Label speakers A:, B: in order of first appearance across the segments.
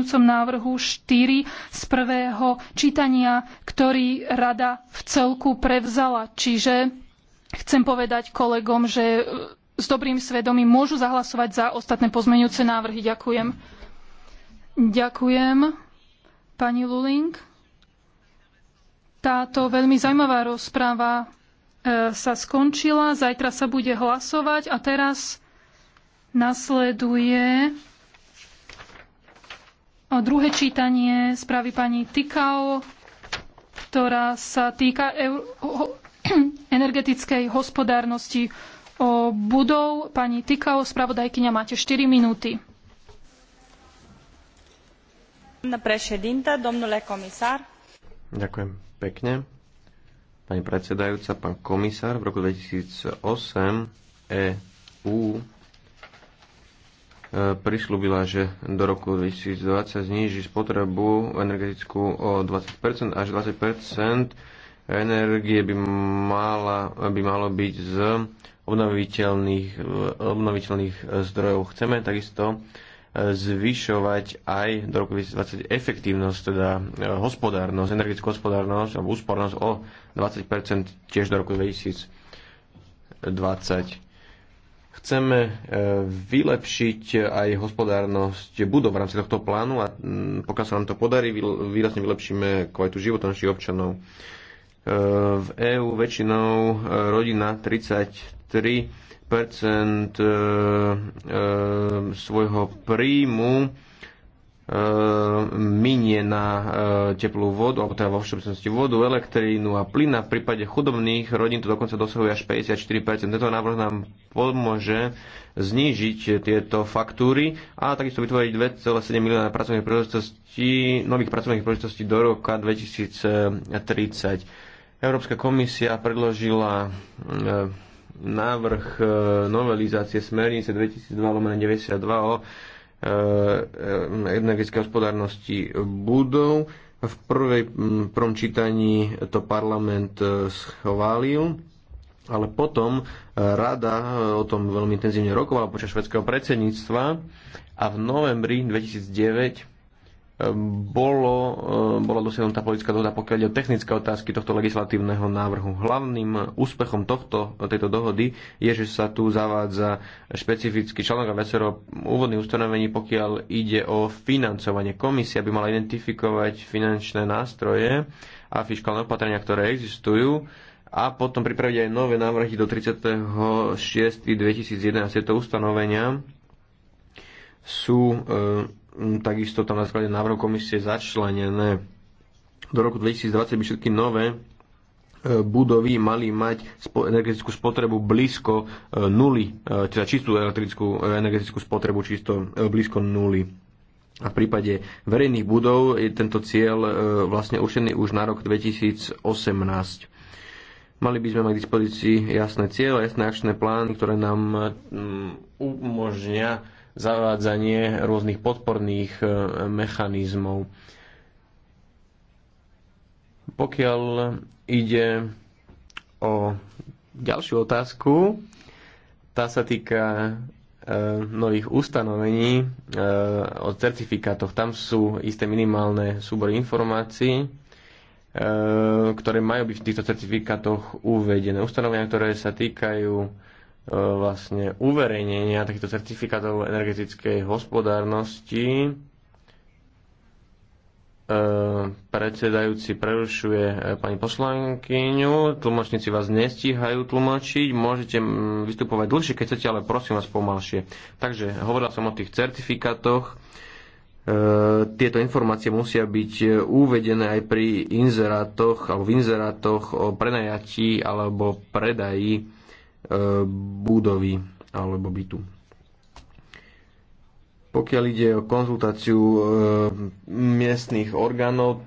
A: pozmenujúcom návrhu 4 z prvého čítania, ktorý rada v celku prevzala. Čiže chcem povedať kolegom, že e, s dobrým svedomím môžu zahlasovať za ostatné pozmeňujúce návrhy. Ďakujem. Ďakujem, pani Luling. Táto veľmi zaujímavá rozpráva e, sa skončila, zajtra sa bude hlasovať a teraz nasleduje druhé čítanie správy pani Tikao, ktorá sa týka energetickej hospodárnosti budov. Pani Tikao, spravodajkyňa, máte 4 minúty.
B: Ďakujem pekne. Pani predsedajúca, pán komisár, v roku 2008 EU prislúbila, že do roku 2020 zníži spotrebu energetickú o 20% až 20% energie by, mala, by malo byť z obnoviteľných, obnoviteľných zdrojov. Chceme takisto e, zvyšovať aj do roku 2020 efektívnosť, teda e, hospodárnosť, energetickú hospodárnosť alebo úspornosť o 20% tiež do roku 2020 chceme e, vylepšiť aj hospodárnosť budov v rámci tohto plánu a mm, pokiaľ sa nám to podarí, výrazne vylepšíme kvalitu života našich občanov. E, v EÚ väčšinou e, rodina 33 svojho príjmu E, minie na e, teplú vodu, alebo teda vo všeobecnosti vodu, elektrínu a plyn. A v prípade chudobných rodín to dokonca dosahuje až 54%. Tento návrh nám pomôže znížiť tieto faktúry a takisto vytvoriť 2,7 milióna pracovných príležitostí, nových pracovných príležitostí do roka 2030. Európska komisia predložila e, návrh novelizácie smernice 2002 92 o Eh, eh, energetické hospodárnosti budov. V prvej, mm, prvom čítaní to parlament eh, schválil, ale potom rada o tom veľmi intenzívne rokovala počas švedského predsedníctva a v novembri 2009 Ehm, bolo, ehm, bola dosiahnutá politická dohoda, pokiaľ ide o technické otázky tohto legislatívneho návrhu. Hlavným úspechom tohto, tejto dohody je, že sa tu zavádza špecifický článok a vesero úvodných ustanovení, pokiaľ ide o financovanie. Komisia by mala identifikovať finančné nástroje a fiskálne opatrenia, ktoré existujú a potom pripraviť aj nové návrhy do 36.2011. Tieto ustanovenia sú e, Mm, takisto tam na základe návrhu komisie začlenené. Do roku 2020 by všetky nové e, budovy mali mať energetickú spotrebu blízko e, nuly, e, teda čistú elektrickú, energetickú spotrebu čisto blízko nuly. A v prípade verejných budov je tento cieľ vlastne určený už na rok 2018. Mali by sme mať k dispozícii jasné cieľe, jasné akčné plány, ktoré nám mm, umožnia zavádzanie rôznych podporných e, mechanizmov. Pokiaľ ide o ďalšiu otázku, tá sa týka e, nových ustanovení e, o certifikátoch. Tam sú isté minimálne súbory informácií, ktoré majú byť v týchto certifikátoch uvedené. Ustanovenia, ktoré sa týkajú E, vlastne uverejnenia takýchto certifikátov energetickej hospodárnosti. E, predsedajúci prerušuje e, pani poslankyňu, tlmočníci vás nestíhajú tlmočiť, môžete vystupovať dlhšie, keď chcete, ale prosím vás pomalšie. Takže hovoril som o tých certifikátoch, tieto informácie musia byť uvedené aj pri inzerátoch alebo v inzerátoch o prenajatí alebo predaji budovy alebo bytu. Pokiaľ ide o konzultáciu e, miestnych orgánov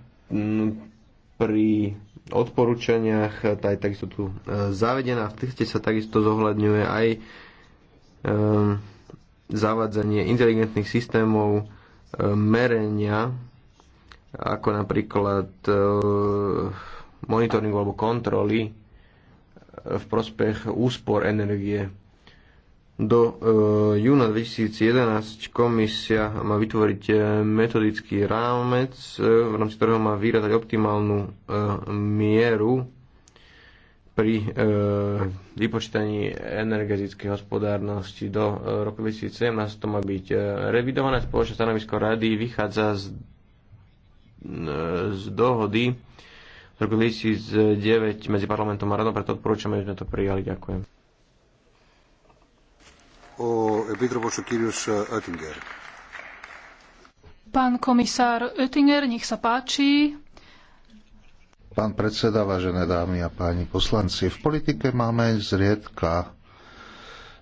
B: pri odporúčaniach, tá je takisto tu e, zavedená. V texte sa takisto zohľadňuje aj e, zavádzanie inteligentných systémov merenia, ako napríklad monitoringu alebo kontroly v prospech úspor energie. Do e, júna 2011 komisia má vytvoriť eh, metodický rámec, e, v rámci ktorého má vyradať optimálnu e, mieru pri e, vypočítaní energetickej hospodárnosti do e, roku 2017. To má byť e, revidované spoločné stanovisko rady, vychádza z, e, z dohody, roku 2009 medzi parlamentom a radom, preto odporúčam, aby sme to prijali. Ďakujem.
C: O Epitropos o Oettinger.
A: Pán komisár Oettinger, nech sa páči.
D: Pán predseda, vážené dámy a páni poslanci, v politike máme zriedka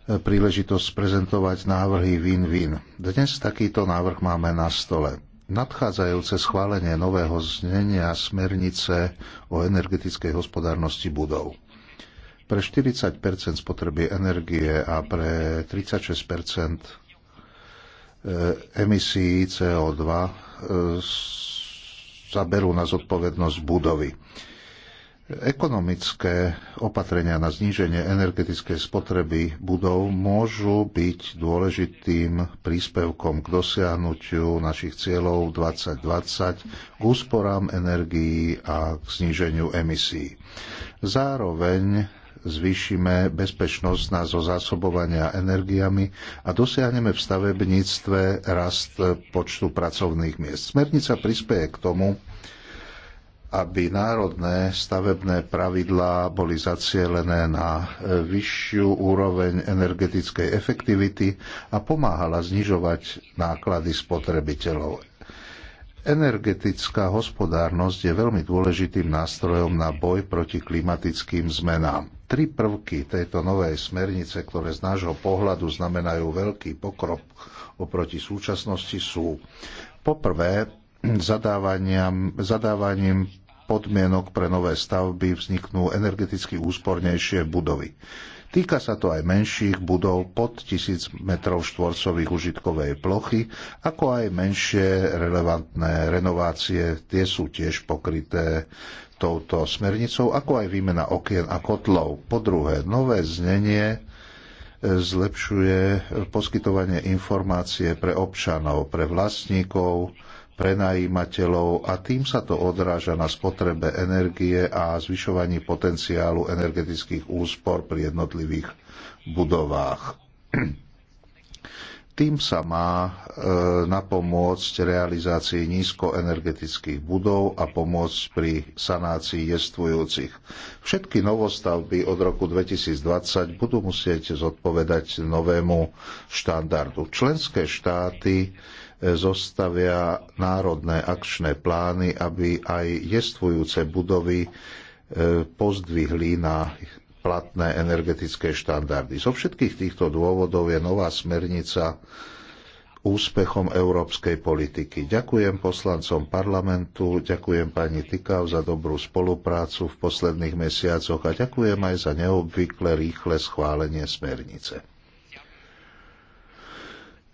D: príležitosť prezentovať návrhy win-win. Dnes takýto návrh máme na stole nadchádzajúce schválenie nového znenia smernice o energetickej hospodárnosti budov. Pre 40 spotreby energie a pre 36 e, emisí CO2 e, zaberú na zodpovednosť budovy Ekonomické opatrenia na zníženie energetickej spotreby budov môžu byť dôležitým príspevkom k dosiahnutiu našich cieľov 2020 k úsporám energií a k zníženiu emisí. Zároveň zvýšime bezpečnosť na zo zásobovania energiami a dosiahneme v stavebníctve rast počtu pracovných miest. Smernica prispieje k tomu, aby národné stavebné pravidlá boli zacielené na e, vyššiu úroveň energetickej efektivity a pomáhala znižovať náklady spotrebiteľov. Energetická hospodárnosť je veľmi dôležitým nástrojom na boj proti klimatickým zmenám. Tri prvky tejto novej smernice, ktoré z nášho pohľadu znamenajú veľký pokrok oproti súčasnosti, sú poprvé zadávaním podmienok pre nové stavby vzniknú energeticky úspornejšie budovy. Týka sa to aj menších budov pod 1000 m štvorcových užitkovej plochy, ako aj menšie relevantné renovácie, tie sú tiež pokryté touto smernicou, ako aj výmena okien a kotlov. Po druhé, nové znenie zlepšuje poskytovanie informácie pre občanov, pre vlastníkov, prenajímateľov a tým sa to odráža na spotrebe energie a zvyšovaní potenciálu energetických úspor pri jednotlivých budovách. Tým sa má e, napomôcť realizácii nízkoenergetických budov a pomôcť pri sanácii jestvujúcich. Všetky novostavby od roku 2020 budú musieť zodpovedať novému štandardu. Členské štáty zostavia národné akčné plány, aby aj jestvujúce budovy e, pozdvihli na platné energetické štandardy. Zo všetkých týchto dôvodov je nová smernica úspechom európskej politiky. Ďakujem poslancom parlamentu, ďakujem pani Tikav za dobrú spoluprácu v posledných mesiacoch a ďakujem aj za neobvykle rýchle schválenie smernice.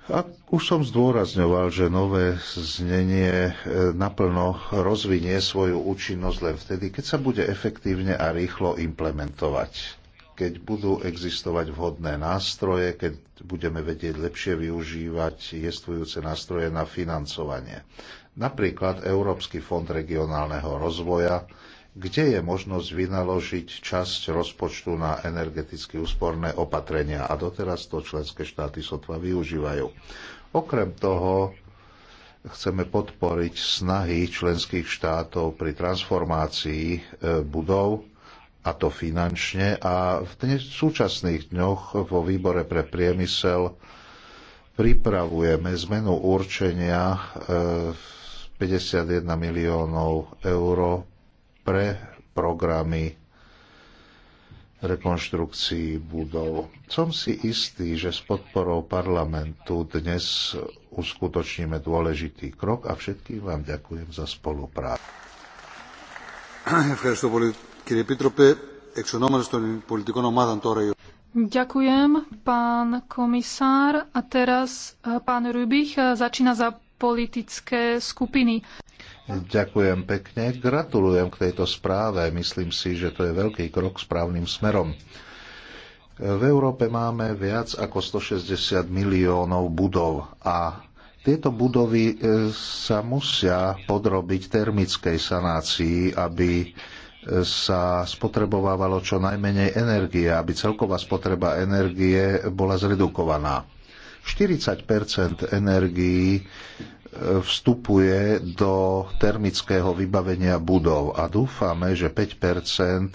D: A už som zdôrazňoval, že nové znenie e, naplno rozvinie svoju účinnosť len vtedy, keď sa bude efektívne a rýchlo implementovať. Keď budú existovať vhodné nástroje, keď budeme vedieť lepšie využívať jestvujúce nástroje na financovanie. Napríklad Európsky fond regionálneho rozvoja, kde je možnosť vynaložiť časť rozpočtu na energeticky úsporné opatrenia a doteraz to členské štáty sotva využívajú. Okrem toho chceme podporiť snahy členských štátov pri transformácii e, budov a to finančne a v dnes, súčasných dňoch vo výbore pre priemysel pripravujeme zmenu určenia e, 51 miliónov eur pre programy rekonštrukcií budov. Som si istý, že s podporou parlamentu dnes uskutočníme dôležitý krok a všetkým vám ďakujem za spoluprácu.
A: Ďakujem, pán komisár. A teraz eh, pán Rubich eh, začína za politické skupiny.
D: Ďakujem pekne, gratulujem k tejto správe. Myslím si, že to je veľký krok správnym smerom. V Európe máme viac ako 160 miliónov budov a tieto budovy e, sa musia podrobiť termickej sanácii, aby e, sa spotrebovávalo čo najmenej energie, aby celková spotreba energie bola zredukovaná. 40 energií e, vstupuje do termického vybavenia budov a dúfame, že 5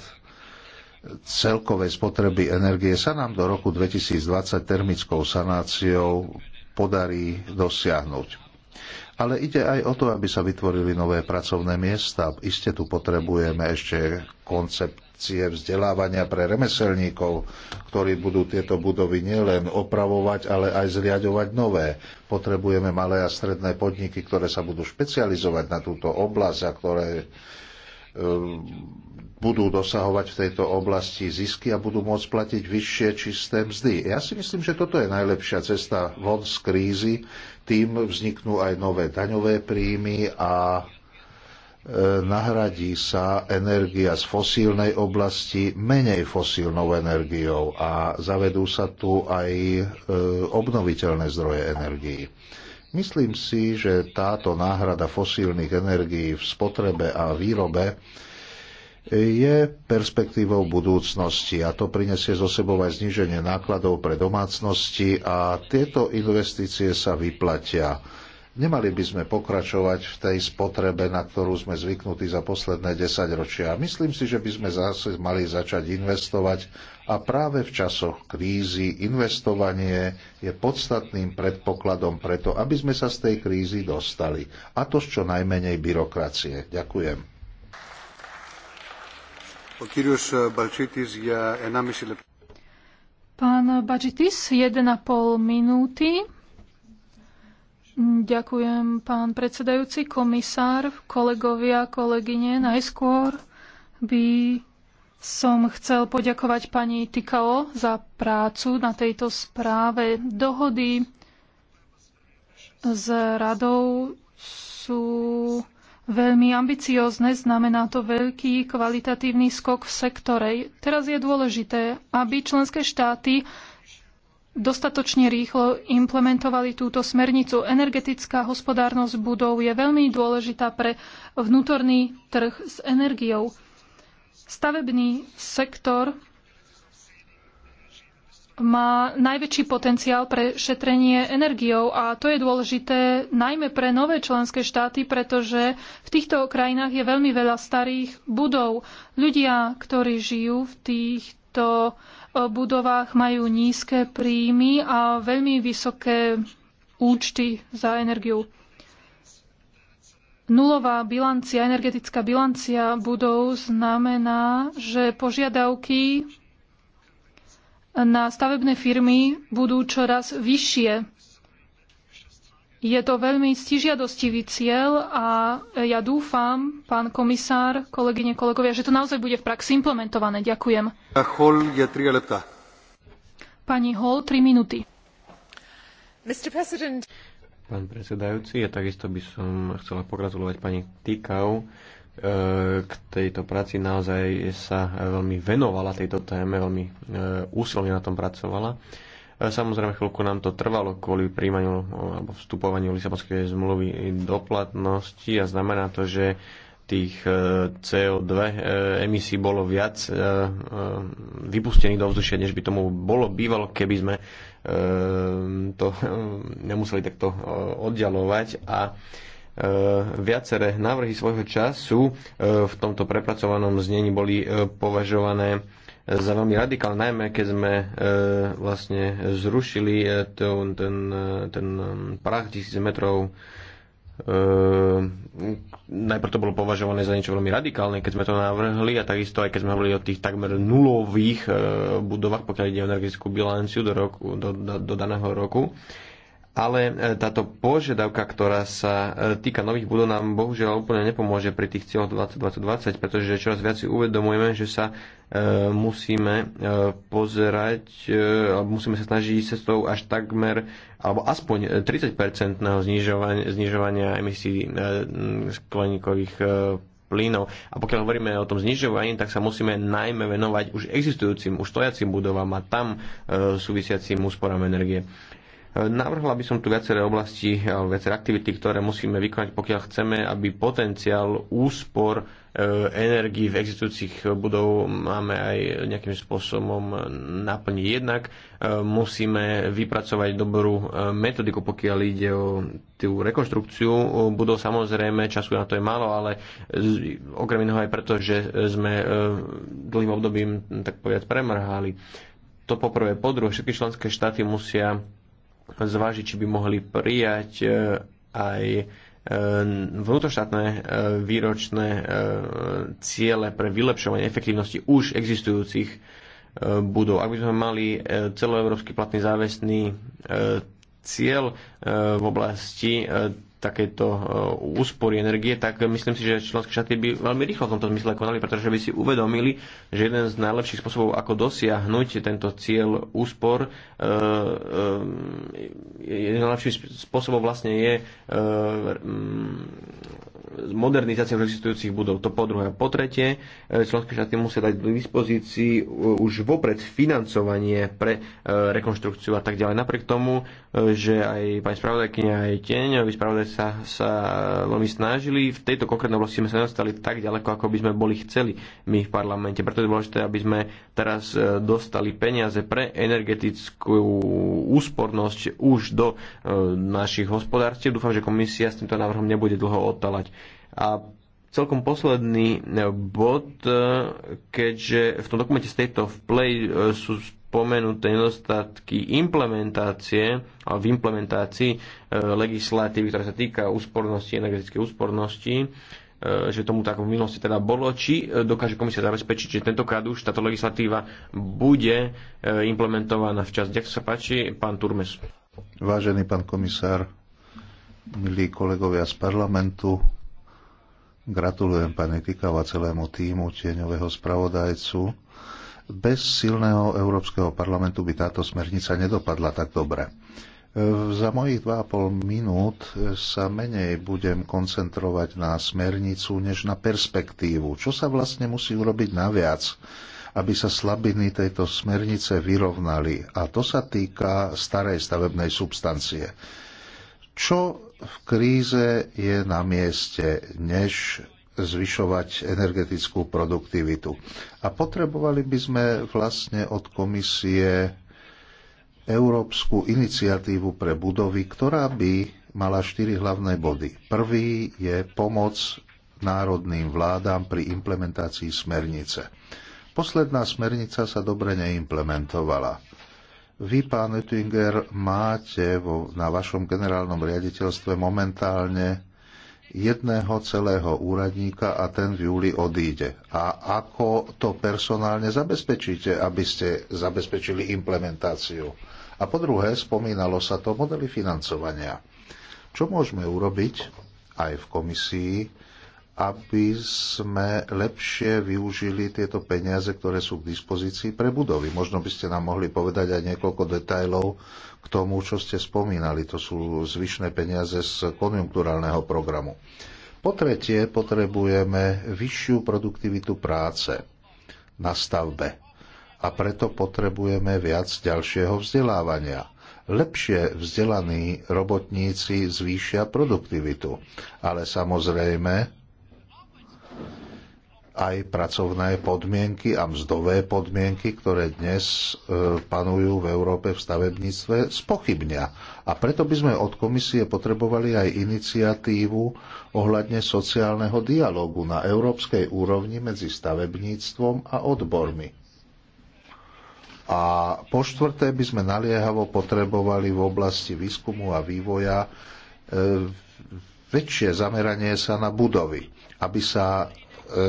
D: celkovej spotreby energie sa nám do roku 2020 termickou sanáciou podarí dosiahnuť. Ale ide aj o to, aby sa vytvorili nové pracovné miesta. Iste tu potrebujeme ešte koncept akcie vzdelávania pre remeselníkov, ktorí budú tieto budovy nielen opravovať, ale aj zriadovať nové. Potrebujeme malé a stredné podniky, ktoré sa budú špecializovať na túto oblasť a ktoré ehm, budú dosahovať v tejto oblasti zisky a budú môcť platiť vyššie čisté mzdy. Ja si myslím, že toto je najlepšia cesta von z krízy. Tým vzniknú aj nové daňové príjmy a E, nahradí sa energia z fosílnej oblasti menej fosílnou energiou a zavedú sa tu aj e, obnoviteľné zdroje energií. Myslím si, že táto náhrada fosílnych energií v spotrebe a výrobe je perspektívou budúcnosti a to prinesie zo sebou aj zníženie nákladov pre domácnosti a tieto investície sa vyplatia Nemali by sme pokračovať v tej spotrebe, na ktorú sme zvyknutí za posledné desaťročia. Myslím si, že by sme zase mali začať investovať a práve v časoch krízy investovanie je podstatným predpokladom preto, aby sme sa z tej krízy dostali. A to z čo najmenej byrokracie. Ďakujem.
C: Eh,
A: Pán Bačitis, 1,5 minúty. Mm, ďakujem, pán predsedajúci, komisár, kolegovia, kolegyne. Najskôr by som chcel poďakovať pani Tikao za prácu na tejto správe. Dohody s radou sú veľmi ambiciozne, znamená to veľký kvalitatívny skok v sektore. Teraz je dôležité, aby členské štáty dostatočne rýchlo implementovali túto smernicu. Energetická hospodárnosť budov je veľmi dôležitá pre vnútorný trh s energiou. Stavebný sektor má najväčší potenciál pre šetrenie energiou a to je dôležité najmä pre nové členské štáty, pretože v týchto krajinách je veľmi veľa starých budov. Ľudia, ktorí žijú v tých týchto e, budovách majú nízke príjmy a veľmi vysoké účty za energiu. Nulová bilancia, energetická bilancia budov znamená, že požiadavky na stavebné firmy budú čoraz vyššie je to veľmi stižiadostivý cieľ a ja dúfam, pán komisár, kolegyne, kolegovia, že to naozaj bude v praxi implementované. Ďakujem. Pani Hall, 3 minúty.
B: Pán predsedajúci, ja takisto by som chcela pogratulovať pani Tikau e, k tejto práci. Naozaj sa veľmi venovala tejto téme, veľmi e, úsilne na tom pracovala Samozrejme, chvíľku nám to trvalo kvôli príjmaniu alebo vstupovaniu Lisabonskej zmluvy do platnosti a znamená to, že tých e, CO2 e, emisí bolo viac e, vypustených do vzdušia, než by tomu bolo bývalo, keby sme to nemuseli takto oddialovať a viaceré návrhy svojho času v tomto prepracovanom znení boli považované za veľmi radikálne, najmä keď sme e, vlastne zrušili e, ten, e, ten, ten mm, prach 1000 metrov. E, najprv to bolo považované za niečo veľmi radikálne, keď sme to navrhli a takisto aj keď sme hovorili o tých takmer nulových e, budovách, pokiaľ ide o energetickú bilanciu do, roku, do, do, do daného roku. E, ale e, táto požiadavka, ktorá sa e, týka nových budov, nám bohužiaľ úplne nepomôže pri tých cieľoch 2020, pretože čoraz viac si uvedomujeme, že sa e, musíme pozerať, musíme sa snažiť cestou až takmer, alebo aspoň 30-percentného znižovania, znižovania emisí skleníkových plynov. A pokiaľ hovoríme o tom znižovaní, tak sa musíme najmä venovať už existujúcim, už stojacim budovám a tam súvisiacím súvisiacim úsporám energie. Navrhla by som tu viaceré oblasti, viaceré aktivity, ktoré musíme vykonať, pokiaľ chceme, aby potenciál úspor e, energii v existujúcich budov máme aj nejakým spôsobom naplniť. Jednak e, musíme vypracovať dobrú e, metodiku, pokiaľ ide o tú rekonštrukciu budov. Samozrejme, času na to je málo, ale okrem iného aj preto, že sme dlhým obdobím, tak povedať, premrhali. To poprvé. Po druhé, všetky členské štáty musia zvážiť, či by mohli prijať e, aj e, vnútroštátne e, výročné ciele pre vylepšovanie efektívnosti už existujúcich budov. Ak by sme mali celoeurópsky platný záväzný cieľ v oblasti takéto e, úspory energie, tak myslím si, že členské štáty by veľmi rýchlo v tomto zmysle konali, pretože by si uvedomili, že jeden z najlepších spôsobov, ako dosiahnuť tento cieľ úspor, e, e, jeden z najlepších spôsobov vlastne je s modernizáciou existujúcich budov. To po druhé. Po tretie, e, členské štáty musia dať do dispozícii e, už vopred financovanie pre e, rekonštrukciu a tak ďalej. Napriek tomu, že aj pani spravodajkynia, aj tieňoví spravodaj sa, sa veľmi snažili, v tejto konkrétnej oblasti sme sa nedostali tak ďaleko, ako by sme boli chceli my v parlamente. Preto je dôležité, aby sme teraz dostali peniaze pre energetickú úspornosť už do našich hospodárstiev. Dúfam, že komisia s týmto návrhom nebude dlho otalať. A celkom posledný eh, bod, eh, keďže v tom dokumente State of Play eh, sú spomenuté nedostatky implementácie, a v implementácii legislatívy, ktorá sa týka úspornosti, energetickej úspornosti, že tomu tak v minulosti teda bolo, či dokáže komisia zabezpečiť, že tentokrát už táto legislatíva bude implementovaná včas. Ďakujem sa páči, pán Turmes.
D: Vážený pán komisár, milí kolegovia z parlamentu, Gratulujem pani Tikau celému týmu tieňového spravodajcu. Bez silného Európskeho parlamentu by táto smernica nedopadla tak dobre. Za mojich 2,5 minút sa menej budem koncentrovať na smernicu než na perspektívu. Čo sa vlastne musí urobiť naviac, aby sa slabiny tejto smernice vyrovnali? A to sa týka starej stavebnej substancie. Čo v kríze je na mieste, než zvyšovať energetickú produktivitu. A potrebovali by sme vlastne od komisie európsku iniciatívu pre budovy, ktorá by mala štyri hlavné body. Prvý je pomoc národným vládám pri implementácii smernice. Posledná smernica sa dobre neimplementovala. Vy, pán Oettinger, máte vo, na vašom generálnom riaditeľstve momentálne jedného celého úradníka a ten v júli odíde. A ako to personálne zabezpečíte, aby ste zabezpečili implementáciu? A po druhé, spomínalo sa to modely financovania. Čo môžeme urobiť aj v komisii, aby sme lepšie využili tieto peniaze, ktoré sú k dispozícii pre budovy. Možno by ste nám mohli povedať aj niekoľko detajlov k tomu, čo ste spomínali. To sú zvyšné peniaze z konjunkturálneho programu. Po tretie, potrebujeme vyššiu produktivitu práce na stavbe a preto potrebujeme viac ďalšieho vzdelávania lepšie vzdelaní robotníci zvýšia produktivitu. Ale samozrejme, aj pracovné podmienky a mzdové podmienky, ktoré dnes e, panujú v Európe v stavebníctve, spochybnia. A preto by sme od komisie potrebovali aj iniciatívu ohľadne sociálneho dialógu na európskej úrovni medzi stavebníctvom a odbormi. A po štvrté by sme naliehavo potrebovali v oblasti výskumu a vývoja e, väčšie zameranie sa na budovy, aby sa E,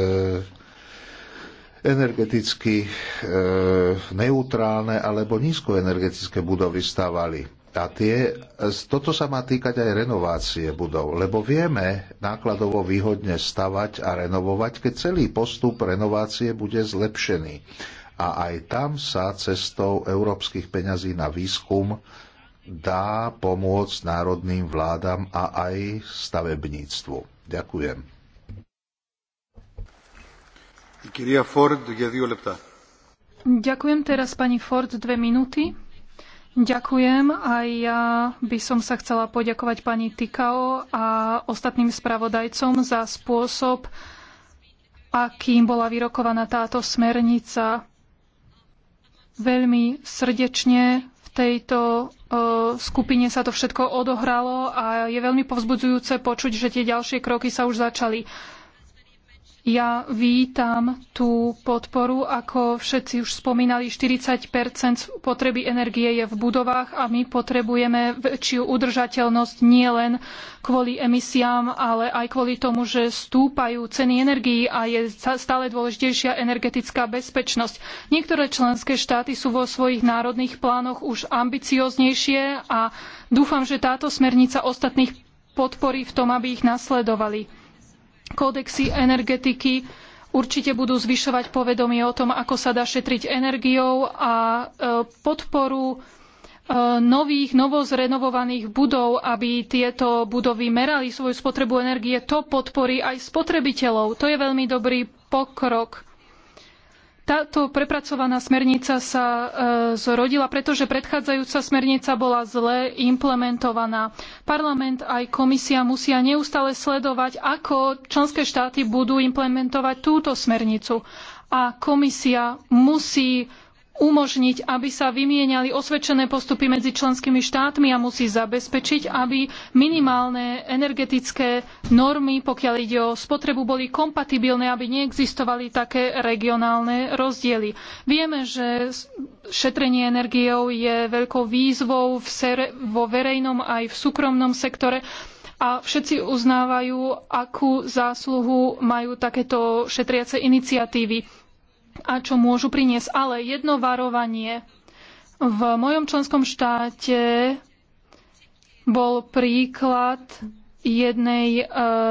D: energeticky e, neutrálne alebo nízkoenergetické budovy stavali. A tie, toto sa má týkať aj renovácie budov, lebo vieme nákladovo výhodne stavať a renovovať, keď celý postup renovácie bude zlepšený. A aj tam sa cestou európskych peňazí na výskum dá pomôcť národným vládam a aj stavebníctvu. Ďakujem.
A: Ďakujem teraz pani Ford dve minúty. Ďakujem. Aj ja by som sa chcela poďakovať pani Tikao a ostatným spravodajcom za spôsob, akým bola vyrokovaná táto smernica. Veľmi srdečne v tejto e, skupine sa to všetko odohralo a je veľmi povzbudzujúce počuť, že tie ďalšie kroky sa už začali. Ja vítam tú podporu, ako všetci už spomínali, 40 potreby energie je v budovách a my potrebujeme väčšiu udržateľnosť nielen kvôli emisiám, ale aj kvôli tomu, že stúpajú ceny energií a je stále dôležitejšia energetická bezpečnosť. Niektoré členské štáty sú vo svojich národných plánoch už ambicioznejšie a dúfam, že táto smernica ostatných podporí v tom, aby ich nasledovali kódexy energetiky určite budú zvyšovať povedomie o tom, ako sa dá šetriť energiou a e, podporu e, nových, novozrenovovaných budov, aby tieto budovy merali svoju spotrebu energie. To podporí aj spotrebiteľov. To je veľmi dobrý pokrok. Táto prepracovaná smernica sa e, zrodila, pretože predchádzajúca smernica bola zle implementovaná. Parlament aj komisia musia neustále sledovať, ako členské štáty budú implementovať túto smernicu. A komisia musí umožniť, aby sa vymieniali osvedčené postupy medzi členskými štátmi a musí zabezpečiť, aby minimálne energetické normy, pokiaľ ide o spotrebu, boli kompatibilné, aby neexistovali také regionálne rozdiely. Vieme, že šetrenie energiou je veľkou výzvou vo verejnom aj v súkromnom sektore a všetci uznávajú, akú zásluhu majú takéto šetriace iniciatívy a čo môžu priniesť. Ale jedno varovanie. V mojom členskom štáte bol príklad jednej e,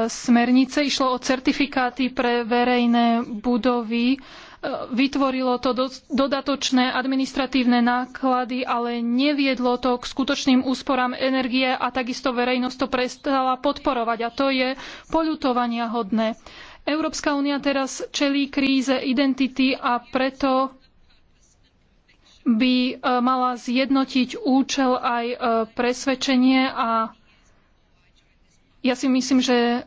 A: smernice. Išlo o certifikáty pre verejné budovy. E, vytvorilo to do, dodatočné administratívne náklady, ale neviedlo to k skutočným úsporám energie a takisto verejnosť to prestala podporovať. A to je poľutovania hodné. E, Európska únia teraz čelí kríze identity a preto by e, mala zjednotiť účel aj e, presvedčenie a ja si myslím, že e,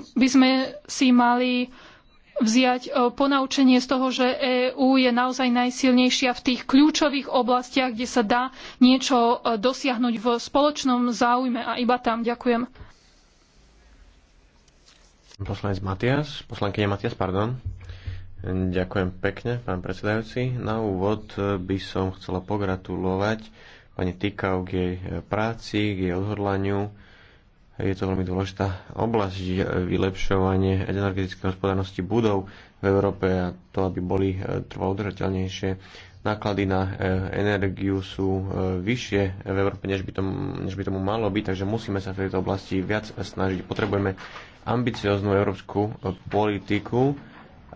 A: by sme si mali vziať ponaučenie z toho, že EÚ je naozaj najsilnejšia v tých kľúčových oblastiach, kde sa dá niečo dosiahnuť v spoločnom záujme a iba tam. Ďakujem.
B: Poslanec Matias, poslankyňa Matias, pardon. Ďakujem pekne, pán predsedajúci. Na úvod by som chcela pogratulovať pani Tikau k jej práci, k jej odhodlaniu. Je to veľmi dôležitá oblasť vylepšovanie energetickej hospodárnosti budov v Európe a to, aby boli e, trvalo udržateľnejšie. Náklady na e, energiu sú e, vyššie v Európe, než by, tomu, než by tomu malo byť, takže musíme sa v tejto oblasti viac snažiť. Potrebujeme ambicioznú európsku e, politiku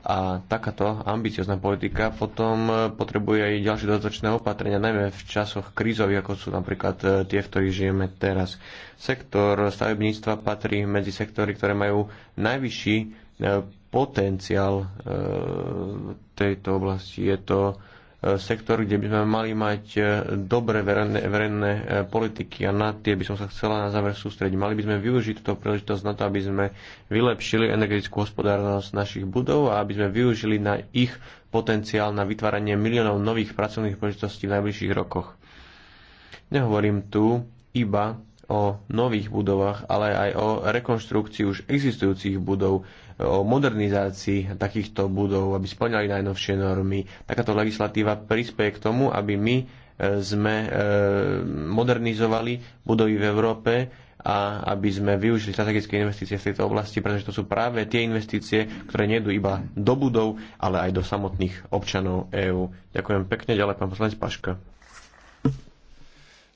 B: a takáto ambiciozná politika potom e, potrebuje aj ďalšie dodatočné opatrenia, najmä v časoch krízových, ako sú napríklad e, tie, v ktorých žijeme teraz. Sektor stavebníctva patrí medzi sektory, ktoré majú najvyšší potenciál tejto oblasti. Je to sektor, kde by sme mali mať e, dobré verejné, verejné e, politiky a na tie by som sa chcela na záver sústrediť. Mali by sme využiť túto príležitosť na to, aby sme vylepšili energetickú hospodárnosť našich budov a aby sme využili na ich potenciál na vytváranie miliónov nových pracovných príležitostí v najbližších rokoch. Nehovorím tu iba o nových budovách, ale aj o rekonštrukcii už existujúcich budov, o modernizácii takýchto budov, aby splňali najnovšie normy. Takáto legislatíva prispieje k tomu, aby my e, sme e, modernizovali budovy v Európe a aby sme využili strategické investície v tejto oblasti, pretože to sú práve tie investície, ktoré nejdu iba do budov, ale aj do samotných občanov EÚ. Ďakujem pekne, ďalej pán poslanec Paška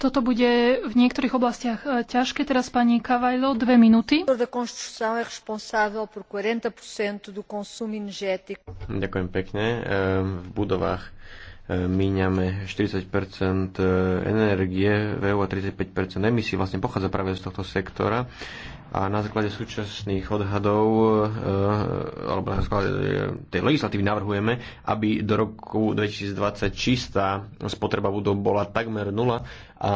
A: Toto bude v niektorých oblastiach e, ťažké. Teraz pani Kavajlo, dve minúty.
B: Ďakujem pekne. E, v budovách e, míňame 40 energie v EU a 35 emisí vlastne pochádza práve z tohto sektora a na základe súčasných odhadov eh, alebo na základe eh, tej legislatívy navrhujeme, aby do roku 2020 čistá spotreba budov bola takmer nula a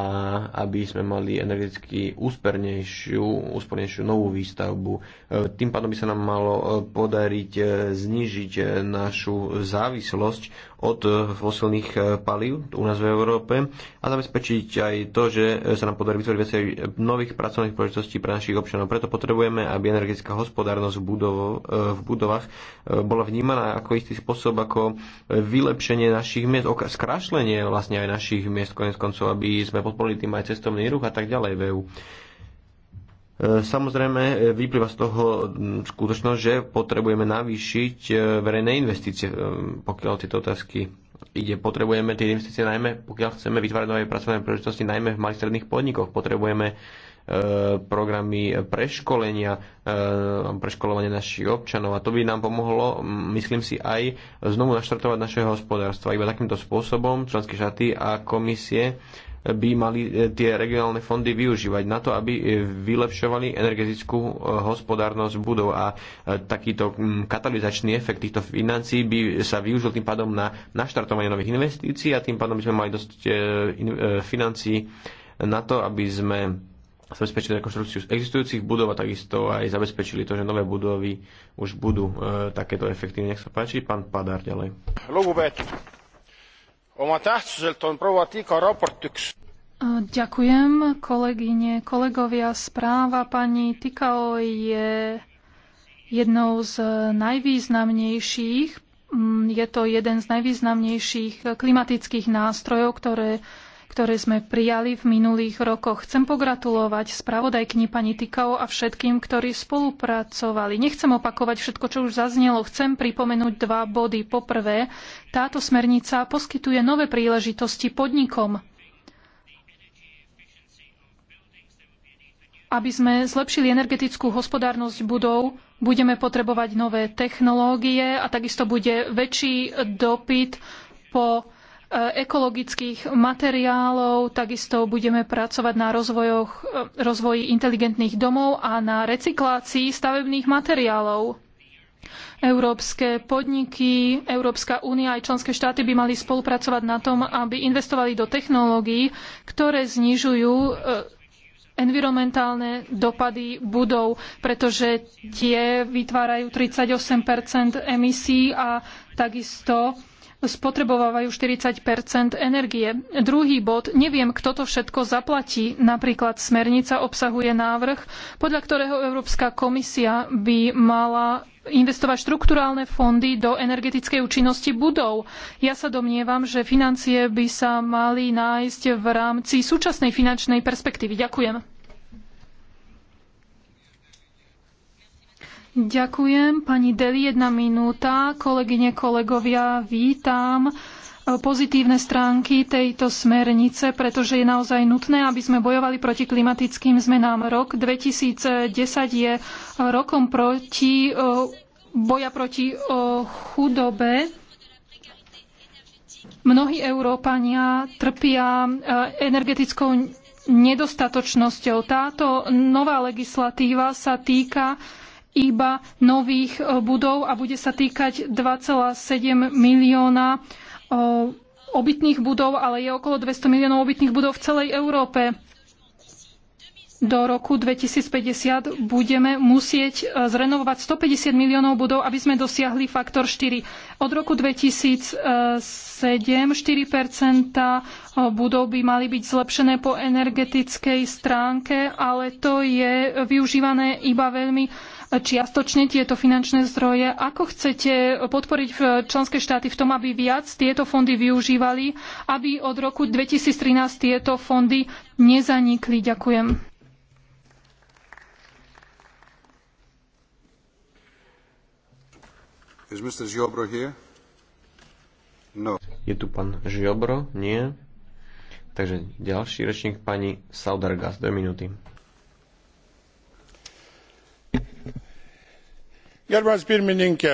B: aby sme mali energeticky úspernejšiu, úspornejšiu novú výstavbu. Eh, tým pádom by sa nám malo podariť znižiť našu závislosť od fosilných palív u nás v Európe a zabezpečiť aj to, že sa nám podarí vytvoriť viacej nových pracovných príležitostí pre našich občanov občanov. Preto potrebujeme, aby energetická hospodárnosť v, budov, eh, v budovách eh, bola vnímaná ako istý spôsob, ako eh, vylepšenie našich miest, skrašlenie vlastne aj našich miest, konec koncov, aby sme podporili tým aj cestovný ruch a tak ďalej v EU. Samozrejme, vyplýva z toho hm, skutočnosť, že potrebujeme navýšiť verejné investície, pokiaľ tieto otázky ide. Potrebujeme tie investície najmä, pokiaľ chceme vytvárať nové pracovné príležitosti, najmä v malých stredných podnikoch. Potrebujeme Eh, programy preškolenia, eh, preškolovanie našich občanov a to by nám pomohlo, mm, myslím si, aj znovu naštartovať naše hospodárstva. Iba takýmto spôsobom členské štáty a komisie by mali eh, tie regionálne fondy využívať na to, aby vylepšovali energetickú hospodárnosť budov a takýto mm, katalizačný efekt týchto financií by sa využil tým pádom na naštartovanie nových investícií a tým pádom by sme mali dosť financií na to, aby sme zabezpečili rekonstrukciu existujúcich budov a takisto aj zabezpečili to, že nové budovy už budú e, takéto efektívne. Nech sa páči, pán Padar ďalej.
A: Ďakujem, kolegyne, kolegovia. Správa pani Tikao je jednou z e, najvýznamnejších. Je to jeden z najvýznamnejších klimatických nástrojov, ktoré ktoré sme prijali v minulých rokoch. Chcem pogratulovať spravodajkni pani Tikao a všetkým, ktorí spolupracovali. Nechcem opakovať všetko, čo už zaznelo. Chcem pripomenúť dva body. Poprvé, táto smernica poskytuje nové príležitosti podnikom aby sme zlepšili energetickú hospodárnosť budov, budeme potrebovať nové technológie a takisto bude väčší dopyt po E, ekologických materiálov, takisto budeme pracovať na rozvojoch, e, rozvoji inteligentných domov a na recyklácii stavebných materiálov. Európske podniky, Európska únia aj členské štáty by mali spolupracovať na tom, aby investovali do technológií, ktoré znižujú e, environmentálne dopady budov, pretože tie vytvárajú 38 emisí a takisto spotrebovávajú 40 energie. Druhý bod, neviem, kto to všetko zaplatí. Napríklad smernica obsahuje návrh, podľa ktorého Európska komisia by mala investovať štrukturálne fondy do energetickej účinnosti budov. Ja sa domnievam, že financie by sa mali nájsť v rámci súčasnej finančnej perspektívy. Ďakujem. Ďakujem. Pani Deli, jedna minúta. Kolegyne, kolegovia, vítam e, pozitívne stránky tejto smernice, pretože je naozaj nutné, aby sme bojovali proti klimatickým zmenám. Rok 2010 je rokom proti e, boja proti e, chudobe. Mnohí Európania trpia energetickou nedostatočnosťou. Táto nová legislatíva sa týka iba nových e, budov a bude sa týkať 2,7 milióna e, obytných budov, ale je okolo 200 miliónov obytných budov v celej Európe. Do roku 2050 budeme musieť e, zrenovovať 150 miliónov budov, aby sme dosiahli faktor 4. Od roku 2007 4 budov by mali byť zlepšené po energetickej stránke, ale to je využívané iba veľmi čiastočne tieto finančné zdroje. Ako chcete podporiť eh, členské štáty v tom, aby viac tieto fondy využívali, aby od roku 2013 tieto fondy nezanikli? Ďakujem.
B: No. Je tu pán Žiobro? Nie. Takže ďalší rečník pani Saudargas, dve minúty.
E: Gerbiamas pirmininkė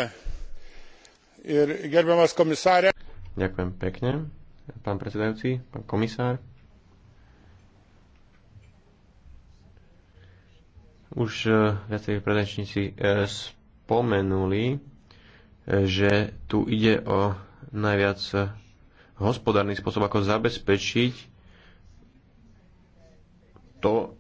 E: ir gerbiamas komisárė.
B: Ďakujem pekne. Pán predsedajúci, pán komisár. Už eh, viacerí predačníci eh, spomenuli, eh, že tu ide o najviac hospodárny spôsob, ako zabezpečiť to,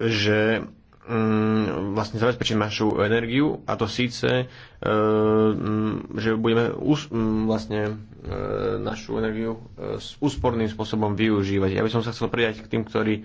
B: že Mm, vlastne zabezpečiť našu energiu a to síce, e, mm, že budeme mm, vlastne e, našu energiu e, úsporným spôsobom využívať. Ja by som sa chcel pridať k tým, ktorí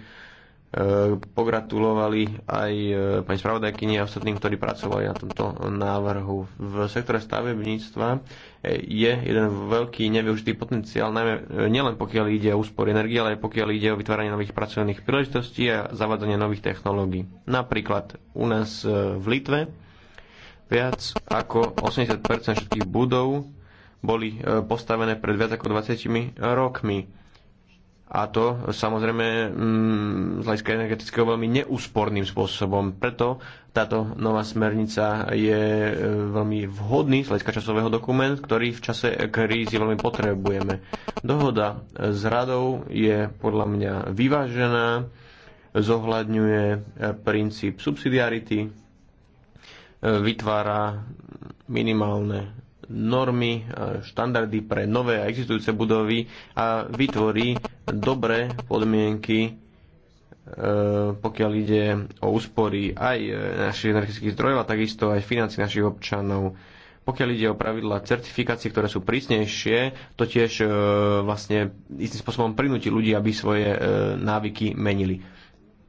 B: pogratulovali aj e, pani spravodajkyni a ostatným, ktorí pracovali na tomto návrhu. V sektore stavebníctva e, je jeden veľký nevyužitý potenciál, najmä e, nielen pokiaľ ide o úspory energie, ale aj pokiaľ ide o vytváranie nových pracovných príležitostí a zavádzanie nových technológií. Napríklad u nás v Litve viac ako 80 všetkých budov boli postavené pred viac ako 20 rokmi a to samozrejme mm, z hľadiska energetického veľmi neúsporným spôsobom. Preto táto nová smernica je e, veľmi vhodný z hľadiska časového dokument, ktorý v čase krízy veľmi potrebujeme. Dohoda s radou je podľa mňa vyvážená, zohľadňuje e, princíp subsidiarity, e, vytvára minimálne normy, štandardy pre nové a existujúce budovy a vytvorí dobré podmienky, e, pokiaľ ide o úspory aj e, našich energetických zdrojov a takisto aj financí našich občanov. Pokiaľ ide o pravidla certifikácie, ktoré sú prísnejšie, to tiež e, vlastne istým spôsobom prinúti ľudí, aby svoje návyky menili.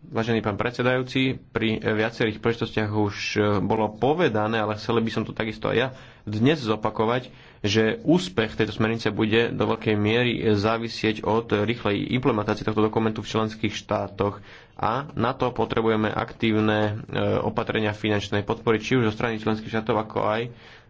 B: Vážený pán predsedajúci, pri viacerých príležitostiach už bolo povedané, ale chcel by som to takisto aj ja dnes zopakovať, že úspech tejto smernice bude do veľkej miery závisieť od rýchlej implementácie tohto dokumentu v členských štátoch a na to potrebujeme aktívne e, opatrenia finančnej podpory, či už zo strany členských štátov, ako aj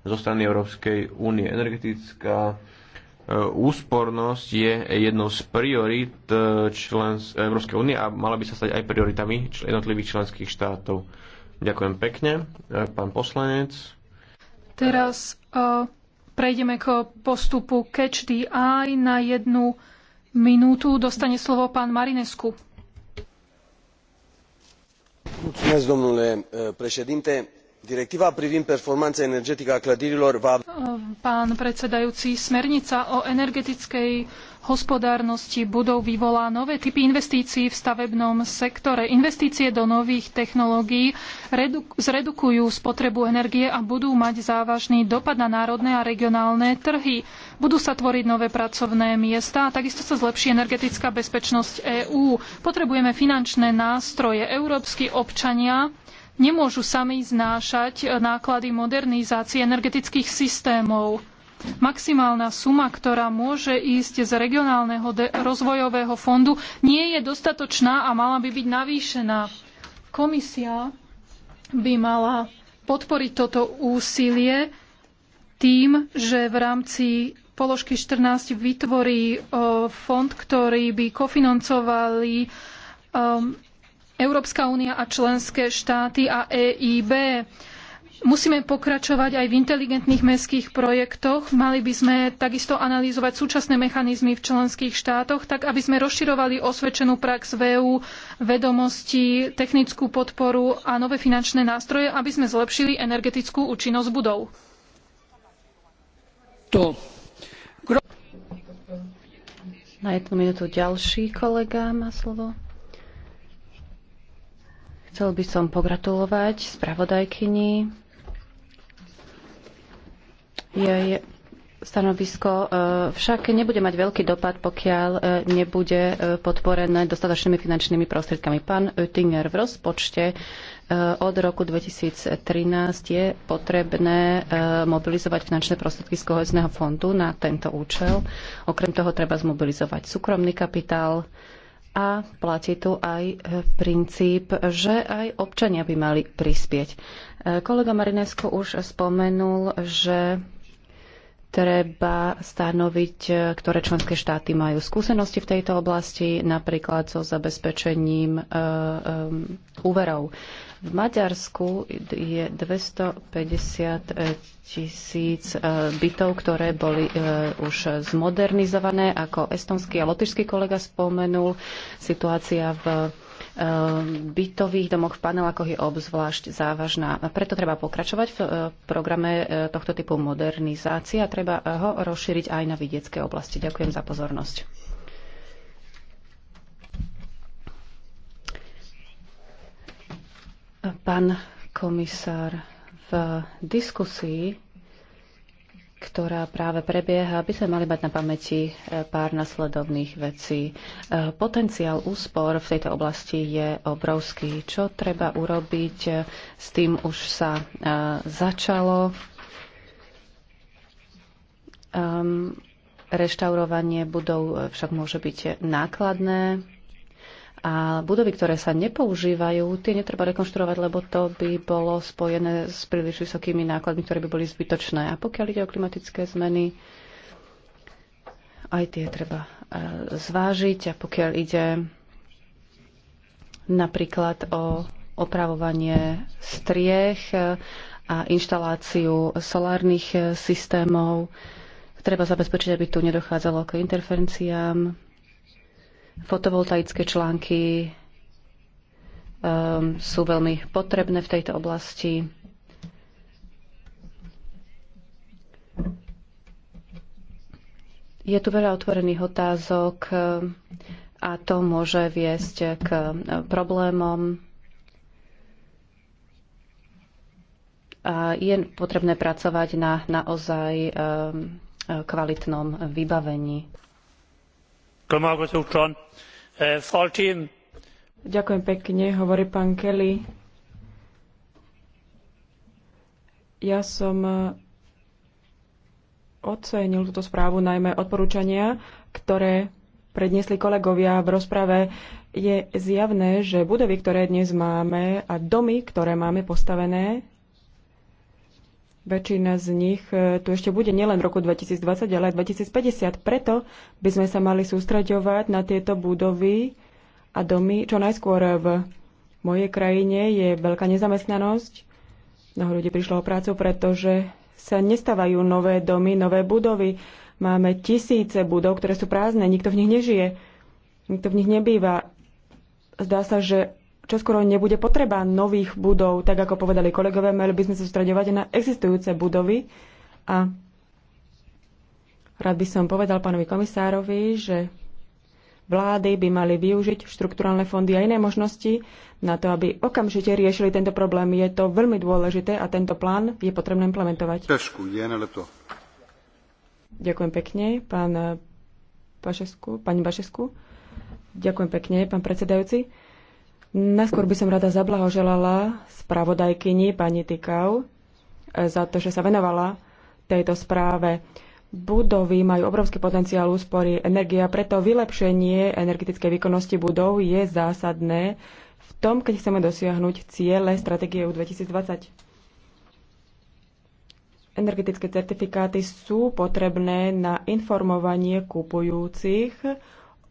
B: zo strany Európskej únie. Energetická e, úspornosť je jednou z priorit e, člens- Európskej únie a mala by sa stať aj prioritami jednotlivých členských štátov. Ďakujem pekne, pán poslanec.
A: Teraz uh, Prejdeme k postupu Catch the Eye. Na jednu minútu dostane slovo pán Marinescu.
F: Mulțumesc, domnule eh, președinte Direktíva privind performanța energetică a clădirilor va...
A: Pán predsedajúci, smernica o energetickej hospodárnosti budov vyvolá nové typy investícií v stavebnom sektore. Investície do nových technológií zredukujú spotrebu energie a budú mať závažný dopad na národné a regionálne trhy. Budú sa tvoriť nové pracovné miesta a takisto sa zlepší energetická bezpečnosť EÚ. Potrebujeme finančné nástroje. Európski občania nemôžu sami znášať náklady modernizácie energetických systémov. Maximálna suma, ktorá môže ísť z regionálneho rozvojového fondu, nie je dostatočná a mala by byť navýšená. Komisia by mala podporiť toto úsilie tým, že v rámci položky 14 vytvorí e, fond, ktorý by kofinancovali e, Európska únia a členské štáty a EIB. Musíme pokračovať aj v inteligentných mestských projektoch. Mali by sme takisto analyzovať súčasné mechanizmy v členských štátoch, tak aby sme rozširovali osvedčenú prax VÚ, e vedomosti, technickú podporu a nové finančné nástroje, aby sme zlepšili energetickú účinnosť budov.
G: To. Na jednu minútu ďalší kolega má slovo. Chcel by som pogratulovať spravodajkyni. je stanovisko e, však nebude mať veľký dopad, pokiaľ e, nebude e, podporené dostatočnými finančnými prostriedkami. Pán Oettinger, v rozpočte od roku 2013 je potrebné mobilizovať finančné prostriedky z kohezného fondu na tento účel. Okrem toho treba zmobilizovať súkromný kapitál, a platí tu aj e, princíp, že aj občania by mali prispieť. E, kolega Marinesko už spomenul, že treba stanoviť, e, ktoré členské štáty majú skúsenosti v tejto oblasti, napríklad so zabezpečením e, e, úverov. V Maďarsku je 250 tisíc bytov, ktoré boli už zmodernizované, ako estonský a lotyšský kolega spomenul. Situácia v Ehm, bytových domoch v panelákoch je obzvlášť závažná. Preto treba pokračovať v e, programe e, tohto typu modernizácie a treba e, ho rozšíriť aj na vidiecké oblasti. Ďakujem za pozornosť. Pán komisár, v diskusii ktorá práve prebieha, by sme mali mať na pamäti e, pár nasledovných vecí. E, potenciál úspor v tejto oblasti je obrovský. Čo treba urobiť? E, s tým už sa začalo. Ehm, reštaurovanie budov však môže byť nákladné a budovy, ktoré sa nepoužívajú, tie netreba rekonštruovať, lebo to by bolo spojené s príliš vysokými nákladmi, ktoré by boli zbytočné. A pokiaľ ide o klimatické zmeny, aj tie treba e, zvážiť. A pokiaľ ide napríklad o opravovanie striech e, a inštaláciu solárnych e, systémov, treba zabezpečiť, aby tu nedochádzalo k interferenciám Fotovoltaické články um, sú veľmi potrebné v tejto oblasti. Je tu veľa otvorených otázok ehm, a to môže viesť k ehm, problémom. A je potrebné pracovať na naozaj kvalitnom vybavení.
C: Uh,
G: Ďakujem
H: pekne, hovorí pán Kelly. Ja som uh, ocenil túto správu, najmä odporúčania, ktoré predniesli kolegovia v rozprave. Je zjavné, že budovy, ktoré dnes máme a domy, ktoré máme postavené, väčšina z nich e, tu ešte bude nielen v roku 2020, ale aj 2050. Preto by sme sa mali sústraďovať na tieto budovy a domy čo najskôr v mojej krajine je veľká nezamestnanosť. Mnoho ľudí prišlo o prácu, pretože sa nestávajú nové domy, nové budovy. Máme tisíce budov, ktoré sú prázdne, nikto v nich nežije, nikto v nich nebýva. Zdá sa, že čoskoro nebude potreba nových budov, tak ako povedali kolegové, mali by sme sa sústredovať na existujúce budovy a rád by som povedal pánovi komisárovi, že vlády by mali využiť štrukturálne fondy a iné možnosti na to, aby okamžite riešili tento problém. Je to veľmi dôležité a tento plán je potrebné implementovať.
C: Pešku, je na leto.
H: Ďakujem pekne, pán Pašesku, pani Bašesku. Ďakujem pekne, pán predsedajúci. Najskôr by som rada zablahoželala spravodajkyni pani Tykau e, za to, že sa venovala tejto správe. Budovy majú obrovský potenciál úspory energie a preto vylepšenie energetickej výkonnosti budov je zásadné v tom, keď chceme dosiahnuť ciele stratégie EU 2020. Energetické certifikáty sú potrebné na informovanie kupujúcich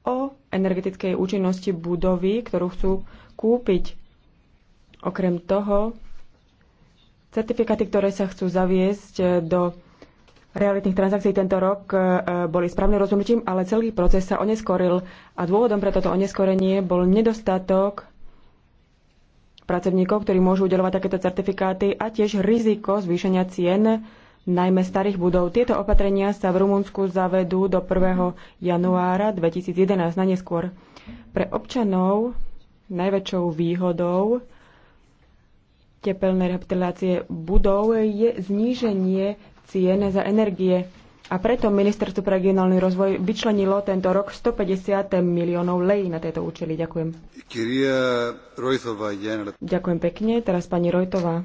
H: o energetickej účinnosti budovy, ktorú chcú kúpiť. Okrem toho, certifikáty, ktoré sa chcú zaviesť e, do realitných transakcií tento rok e, boli správnym rozhodnutím, ale celý proces sa oneskoril a dôvodom pre toto oneskorenie bol nedostatok pracovníkov, ktorí môžu udelovať takéto certifikáty a tiež riziko zvýšenia cien najmä starých budov. Tieto opatrenia sa v Rumunsku zavedú do 1. januára 2011 na neskôr. Pre občanov Najväčšou výhodou tepelnej reptilácie budov je zníženie cien za energie. A preto Ministerstvo pre regionálny rozvoj vyčlenilo tento rok 150 miliónov lej na tieto účely. Ďakujem. Ďakujem pekne. Teraz pani Rojtová.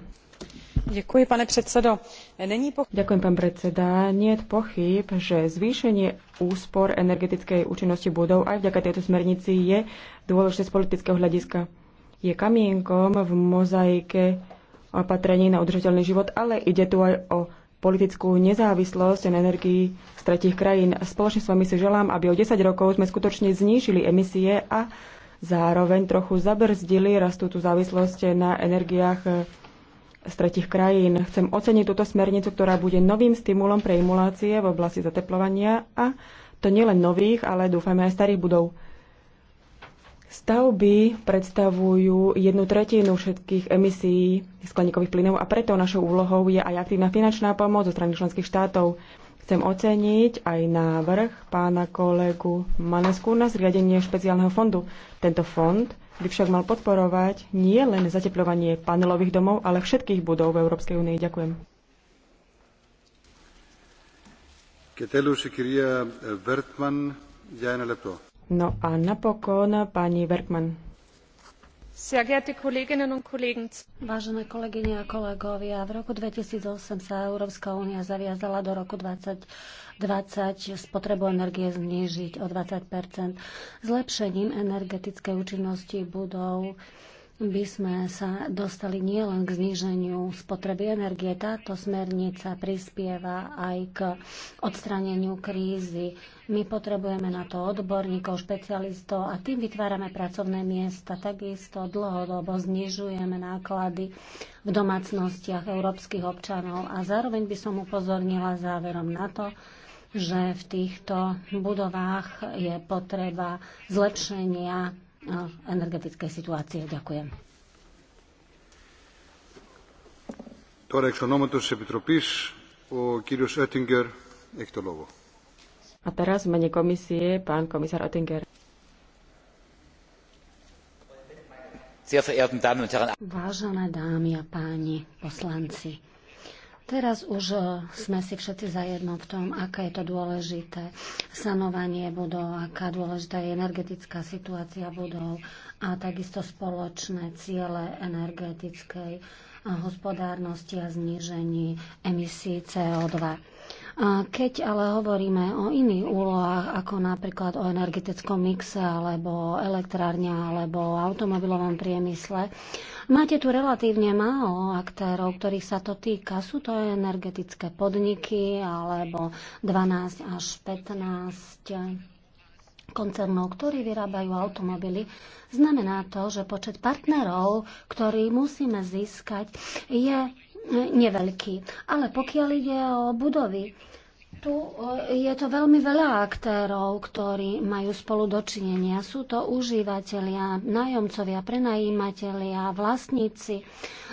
H: Ďakujem, pán predseda. Nie je pochyb, že zvýšenie úspor energetickej účinnosti budov aj vďaka tejto smernici je dôležité z politického hľadiska. Je kamienkom v mozaike opatrení na udržateľný život, ale ide tu aj o politickú nezávislosť na energii z tretich krajín. Spoločne s vami si želám, aby o 10 rokov sme skutočne znížili emisie a zároveň trochu zabrzdili rastúcu závislosť na energiách z tretich krajín. Chcem oceniť túto smernicu, ktorá bude novým stimulom pre imulácie v oblasti zateplovania a to nielen nových, ale dúfame aj starých budov. Stavby predstavujú jednu tretinu všetkých emisí skleníkových plynov a preto našou úlohou je aj aktívna finančná pomoc zo strany členských štátov. Chcem oceniť aj návrh pána kolegu Manesku na zriadenie špeciálneho fondu. Tento fond by však mal podporovať nie len zateplovanie panelových domov, ale všetkých budov v Európskej únii. Ďakujem. No a napokon pani Bergman.
F: Vážené kolegyne a kolegovia, v roku 2008 sa Európska únia zaviazala do roku twenty spotrebu energie znížiť o twenty Zlepšením energetickej účinnosti budov by sme sa dostali nielen k zníženiu spotreby energie. Táto smernica prispieva aj k odstraneniu krízy. My potrebujeme na to odborníkov, špecialistov a tým vytvárame pracovné miesta. Takisto dlhodobo znižujeme náklady v domácnostiach európskych občanov a zároveň by som upozornila záverom na to, že v týchto budovách je potreba zlepšenia energetickej situácie.
H: Ďakujem. A teraz v mene komisie pán komisár Oettinger. Vážené dámy a páni poslanci,
F: Teraz už e, sme si všetci zajedno v tom, aké je to dôležité sanovanie budov, aká dôležitá je energetická situácia budov a takisto spoločné ciele energetickej hospodárnosti a znížení emisí CO2. Keď ale hovoríme o iných úlohách, ako napríklad o energetickom mixe, alebo elektrárne alebo automobilovom priemysle, máte tu relatívne málo aktérov, ktorých sa to týka. Sú to energetické podniky, alebo 12 až 15 koncernov, ktorí vyrábajú automobily. Znamená to, že počet partnerov, ktorý musíme získať, je neveľký. Ale pokiaľ ide o budovy, tu e, je to veľmi veľa aktérov, ktorí majú spolu dočinenia. Sú to užívateľia, nájomcovia, prenajímatelia, vlastníci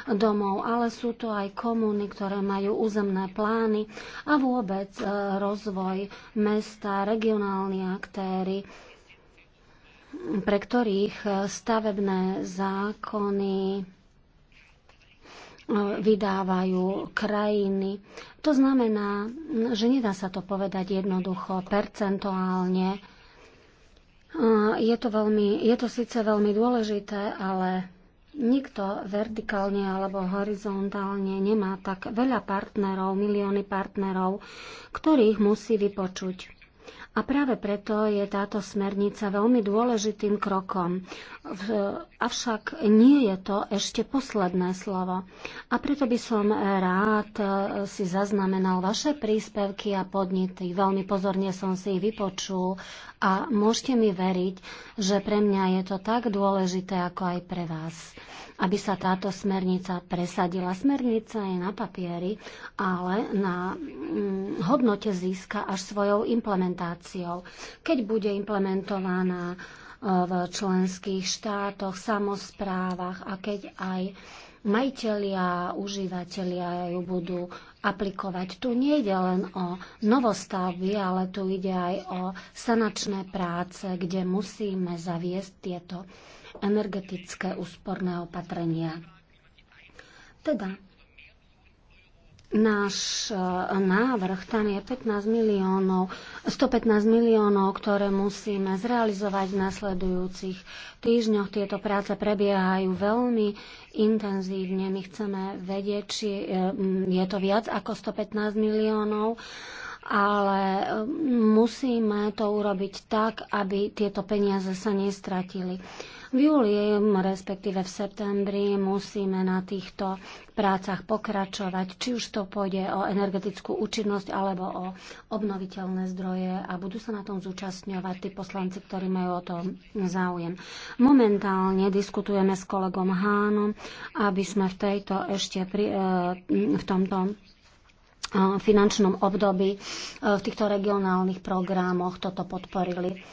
F: domov, ale sú to aj komúny, ktoré majú územné plány a vôbec e, rozvoj mesta, regionálni aktéry, pre ktorých e, stavebné zákony vydávajú krajiny. To znamená, že nedá sa to povedať jednoducho percentuálne. Je to, veľmi, je to síce veľmi dôležité, ale nikto vertikálne alebo horizontálne nemá tak veľa partnerov, milióny partnerov, ktorých musí vypočuť. A práve preto je táto smernica veľmi dôležitým krokom. Avšak nie je to ešte posledné slovo. A preto by som rád eh, si zaznamenal vaše príspevky a podnety. Veľmi pozorne som si ich vypočul a môžete mi veriť, že pre mňa je to tak dôležité ako aj pre vás aby sa táto smernica presadila. Smernica je na papieri, ale na mm, hodnote získa až svojou implementáciou reguláciou, keď bude implementovaná e, v členských štátoch, samozprávach a keď aj majiteľia, užívateľia ju budú aplikovať. Tu nie ide len o novostavby, ale tu ide aj o sanačné práce, kde musíme zaviesť tieto energetické úsporné opatrenia. Teda náš e, návrh, tam je 15 miliónov, 115 miliónov, ktoré musíme zrealizovať v nasledujúcich týždňoch. Tieto práce prebiehajú veľmi intenzívne. My chceme vedieť, či e, je to viac ako 115 miliónov ale e, musíme to urobiť tak, aby tieto peniaze sa nestratili. V júli, respektíve v septembri, musíme na týchto prácach pokračovať, či už to pôjde o energetickú účinnosť alebo o obnoviteľné zdroje a budú sa na tom zúčastňovať tí poslanci, ktorí majú o tom záujem. Momentálne diskutujeme s kolegom Hánom, aby sme v tejto ešte pri, e, v tomto e, finančnom období e, v týchto regionálnych programoch toto podporili.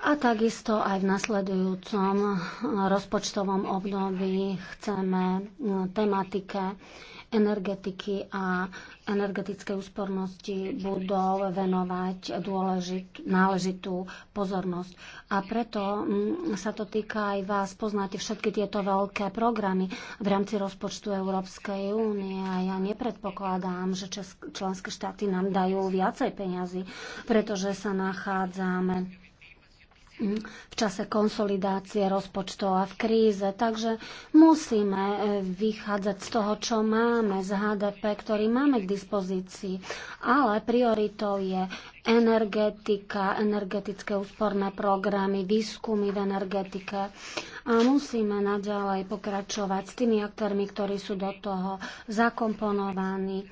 F: A takisto aj v nasledujúcom rozpočtovom období chceme e, tematike energetiky a energetickej úspornosti budov venovať dôležit, náležitú pozornosť. A preto mm, sa to týka aj vás. Poznáte všetky tieto veľké programy v rámci rozpočtu Európskej únie a ja nepredpokladám, že členské štáty nám dajú viacej peňazí, pretože sa nachádzame v čase konsolidácie rozpočtov a v kríze. Takže musíme e, vychádzať z toho, čo máme, z HDP, ktorý máme k dispozícii. Ale prioritou je energetika, energetické úsporné programy, výskumy v energetike. A musíme naďalej pokračovať s tými aktérmi, ktorí sú do toho zakomponovaní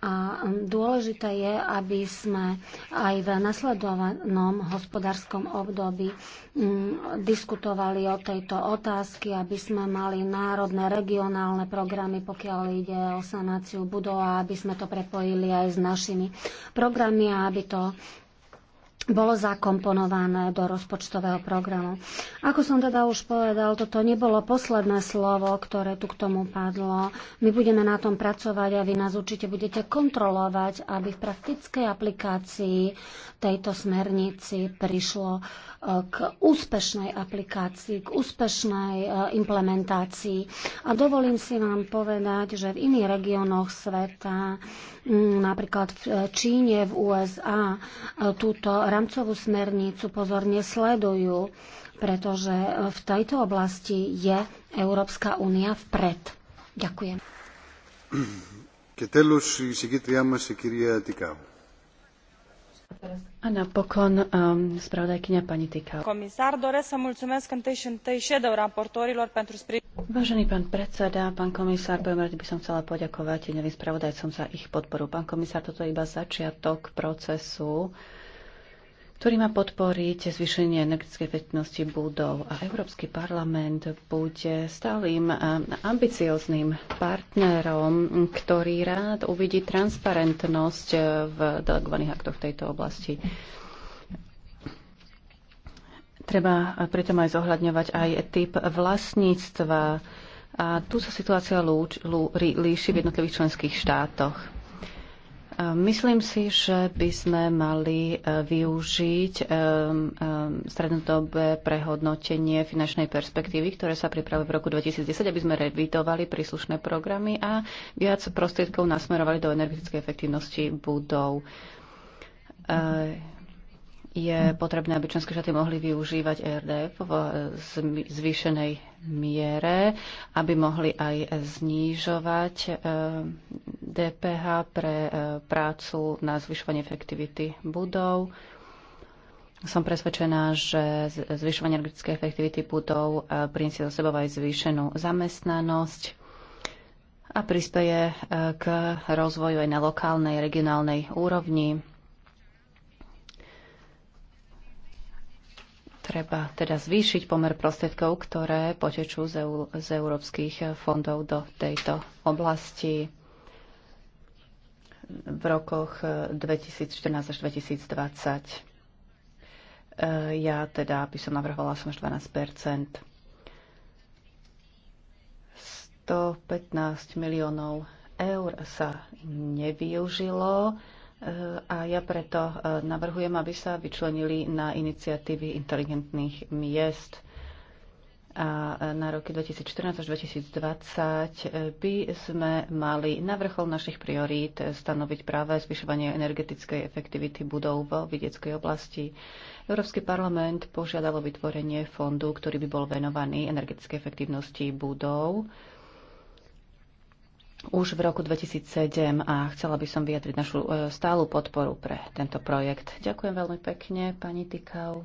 F: a um, dôležité je, aby sme aj v nasledovanom hospodárskom období um, diskutovali o tejto otázke, aby sme mali národné, regionálne programy, pokiaľ ide o sanáciu budov a aby sme to prepojili aj s našimi programmi a aby to bolo zakomponované do rozpočtového programu. Ako som teda už povedal, toto nebolo posledné slovo, ktoré tu k tomu padlo. My budeme na tom pracovať a vy nás určite budete kontrolovať, aby v praktickej aplikácii tejto smernici prišlo k úspešnej aplikácii, k úspešnej e, implementácii. A dovolím si vám povedať, že v iných regiónoch sveta, mm, napríklad v e, Číne, v USA, e, túto rámcovú smernicu pozorne sledujú, pretože v tejto oblasti je Európska únia vpred. Ďakujem.
C: Και τέλος η συγκήτριά μας η κυρία Τικάου.
G: A napokon um, spravodajkynia pani Tyka. Komisár, doresc
H: să mulțumesc
G: întâi și întâi shadow raportorilor pentru sprijin. Vážený pán predseda, pán komisár, poviem rád by som chcela poďakovať jedným spravodajcom za ich podporu. Pán komisár, toto je iba začiatok procesu, ktorý má podporiť zvýšenie energetickej efektivnosti budov. A Európsky parlament bude stálým ambiciozným partnerom, ktorý rád uvidí transparentnosť e, v delegovaných aktoch v tejto oblasti. Treba pritom aj zohľadňovať aj typ vlastníctva. A tu sa situácia líši v jednotlivých členských štátoch. Myslím si, že by sme mali e, využiť e, e, strednodobé prehodnotenie finančnej perspektívy, ktoré sa pripravili v roku 2010, aby sme revidovali príslušné programy a viac prostriedkov nasmerovali do energetickej efektivnosti budov je potrebné, aby členské štáty mohli využívať RDF v e, zvýšenej miere, aby mohli aj znižovať e, DPH pre e, prácu na zvyšovanie efektivity budov. Som presvedčená, že zvyšovanie energetickej efektivity budov priniesie do sebou aj zvýšenú zamestnanosť a prispieje k rozvoju aj na lokálnej, regionálnej úrovni Treba teda zvýšiť pomer prostriedkov, ktoré potečú z, EU, z európskych fondov do tejto oblasti v rokoch 2014 eh, až 2020. Eh, ja teda by som navrhovala som až 12 115 miliónov eur sa nevyužilo a ja preto e, navrhujem, aby sa vyčlenili na iniciatívy inteligentných miest. A e, na roky 2014 až 2020 e, by sme mali na vrchol našich priorít stanoviť práve zvyšovanie energetickej efektivity budov vo vidieckej oblasti. Európsky parlament požiadalo vytvorenie fondu, ktorý by bol venovaný energetickej efektivnosti budov už v roku 2007 a chcela by som vyjadriť našu e, stálu podporu pre tento projekt. Ďakujem veľmi pekne, pani Tikau.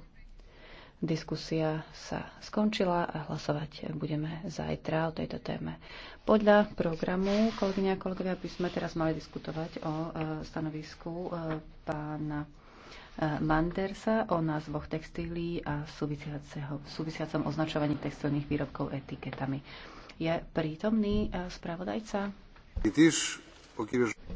G: Diskusia sa skončila a hlasovať budeme zajtra o tejto téme. Podľa programu, kolegyne a kolegovia, by sme teraz mali diskutovať o e, stanovisku e, pána Mandersa o názvoch textílií a súvisiacom označovaní textilných výrobkov etiketami. Je prítomný spravodajca?
C: Do